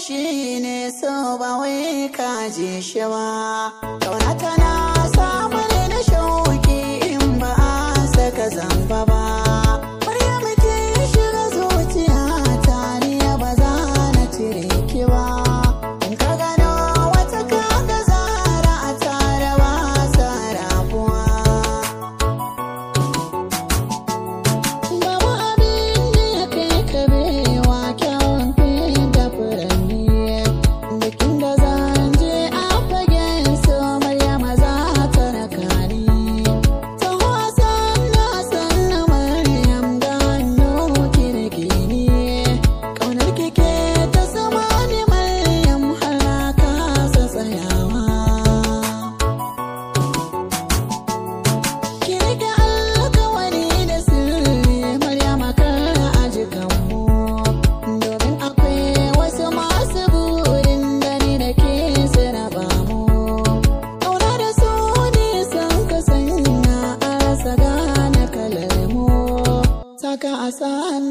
shi ne so ba wai ka ji shi ba. Kauna tana ka a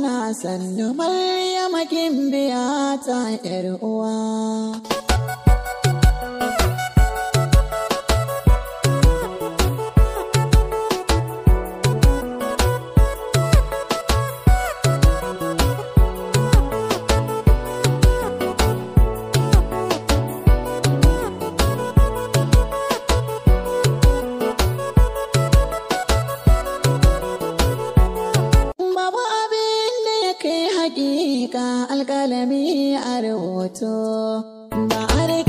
na sannu maryama kin biya ta 'yar uwa. miƙa alƙalami a rahoto ba a